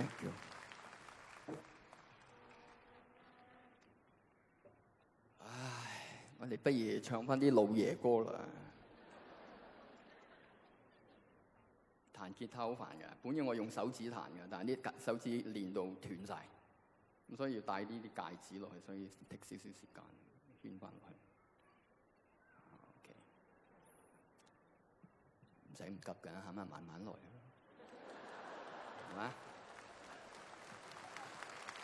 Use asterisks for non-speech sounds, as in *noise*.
Thank you. 唉，我哋不如唱翻啲老爺歌啦。 *laughs* 彈吉他好煩㗎，本應我用手指彈㗎，但係啲手指練到斷曬，咁所以要帶啲啲戒指落去，所以 take 少少時間，圈翻落去。唔使，唔急㗎，慢慢來， *laughs* *laughs*